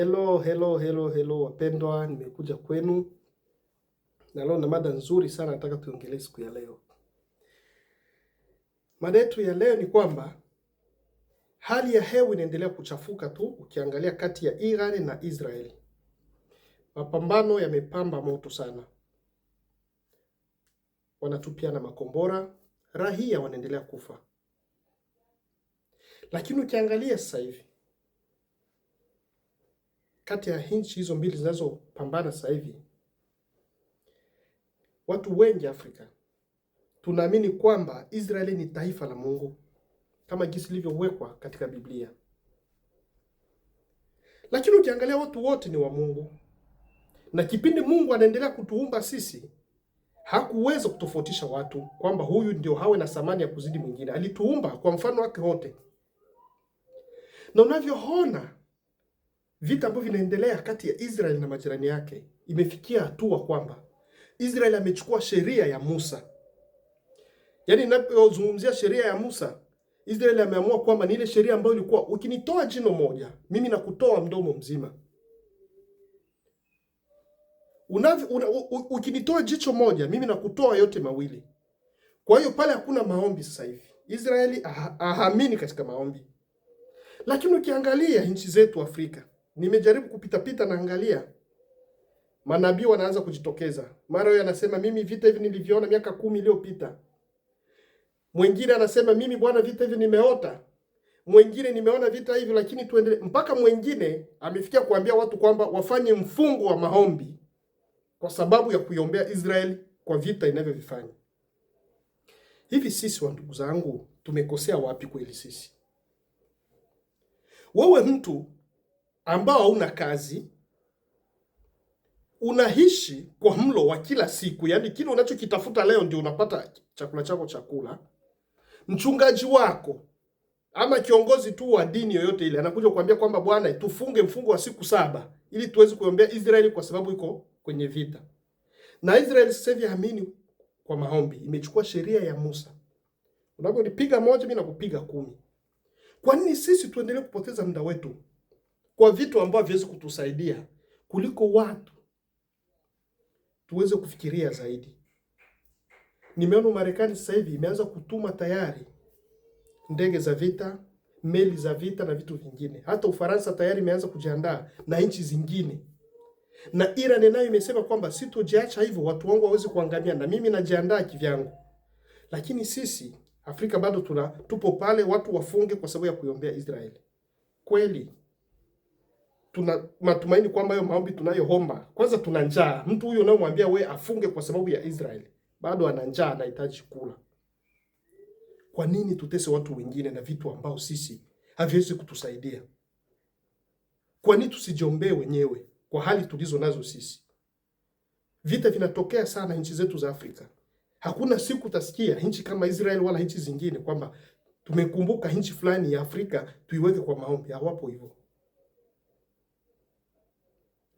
Hello, hello, hello, hello wapendwa, nimekuja kwenu na leo na mada nzuri sana nataka tuongelee siku ya leo. Mada yetu ya leo ni kwamba hali ya hewa inaendelea kuchafuka tu, ukiangalia kati ya Iran na Israel mapambano yamepamba moto sana, wanatupiana makombora, rahia wanaendelea kufa, lakini ukiangalia sasa hivi kati ya nchi hizo mbili zinazopambana sasa hivi, watu wengi Afrika tunaamini kwamba Israeli ni taifa la Mungu kama jinsi lilivyowekwa katika Biblia, lakini ukiangalia watu wote ni wa Mungu, na kipindi Mungu anaendelea kutuumba sisi hakuweza kutofautisha watu kwamba huyu ndio hawe na thamani ya kuzidi mwingine. Alituumba kwa mfano wake wote, na unavyoona vita ambavyo vinaendelea kati ya Israel na majirani yake imefikia hatua kwamba Israel amechukua sheria ya Musa. Yaani, ninapozungumzia sheria ya Musa, Israel ameamua kwamba ni ile sheria ambayo ilikuwa ukinitoa jino moja, mimi nakutoa mdomo mzima. Una, una, u, ukinitoa jicho moja, mimi nakutoa yote mawili. Kwa hiyo pale hakuna maombi sasa hivi. Israeli ahamini katika maombi. Lakini ukiangalia nchi zetu Afrika nimejaribu kupitapita, angalia manabii wanaanza kujitokeza. Mara huyo anasema mimi vita hivi nilivyoona miaka kumi iliyopita. Mwingine anasema mimi bwana, vita hivi nimeota. Mwingine nimeona vita hivi, lakini tuendelee. Mpaka mwingine amefikia kuambia watu kwamba wafanye mfungo wa maombi kwa sababu ya kuiombea Israeli kwa vita inavyovifanya hivi. Sisi wa ndugu zangu, tumekosea wapi kweli? Sisi wewe mtu ambao hauna kazi, unaishi kwa mlo wa kila siku, yaani kile unachokitafuta leo ndio unapata chakula chako chakula. Mchungaji wako ama kiongozi tu wa dini yoyote ile anakuja kuambia kwamba bwana, tufunge mfungo wa siku saba ili tuweze kuombea Israeli kwa sababu iko kwenye vita na Israeli. Sasa hivi kwa maombi, imechukua sheria ya Musa, unaponipiga moja mimi nakupiga kumi. Kwa nini sisi tuendelee kupoteza muda wetu? kwa vitu ambavyo viwezi kutusaidia kuliko watu tuweze kufikiria zaidi. Nimeona Marekani sasa hivi imeanza kutuma tayari ndege za vita, meli za vita na vitu vingine. Hata Ufaransa tayari imeanza kujiandaa na nchi zingine, na Iran nayo imesema kwamba sitojiacha hivyo, watu wangu waweze kuangamia, na mimi najiandaa kivyangu. Lakini sisi Afrika bado tuna tupo pale, watu wafunge kwa sababu ya kuiombea Israeli kweli tuna matumaini kwamba hiyo maombi tunayoomba, kwanza tuna njaa. Mtu huyo unayomwambia we afunge kwa sababu ya Israeli, bado ana njaa, anahitaji kula. Kwa nini tutese watu wengine na vitu ambao sisi haviwezi kutusaidia? Kwa nini tusijiombee wenyewe kwa hali tulizo nazo sisi? Vita vinatokea sana nchi zetu za Afrika. Hakuna siku utasikia nchi kama Israeli wala nchi zingine kwamba tumekumbuka nchi fulani ya Afrika tuiweke kwa maombi. Hawapo hivyo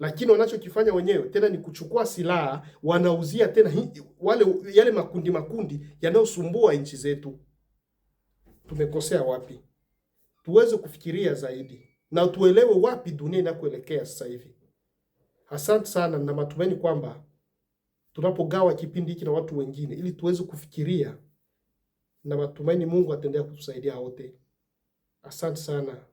lakini wanachokifanya wenyewe tena ni kuchukua silaha, wanauzia tena wale yale makundi makundi yanayosumbua nchi zetu. Tumekosea wapi? Tuweze kufikiria zaidi na tuelewe wapi dunia inakoelekea sasa hivi. Asante sana na matumaini kwamba tunapogawa kipindi hiki na watu wengine, ili tuweze kufikiria na matumaini, Mungu atendea kutusaidia wote. Asante sana.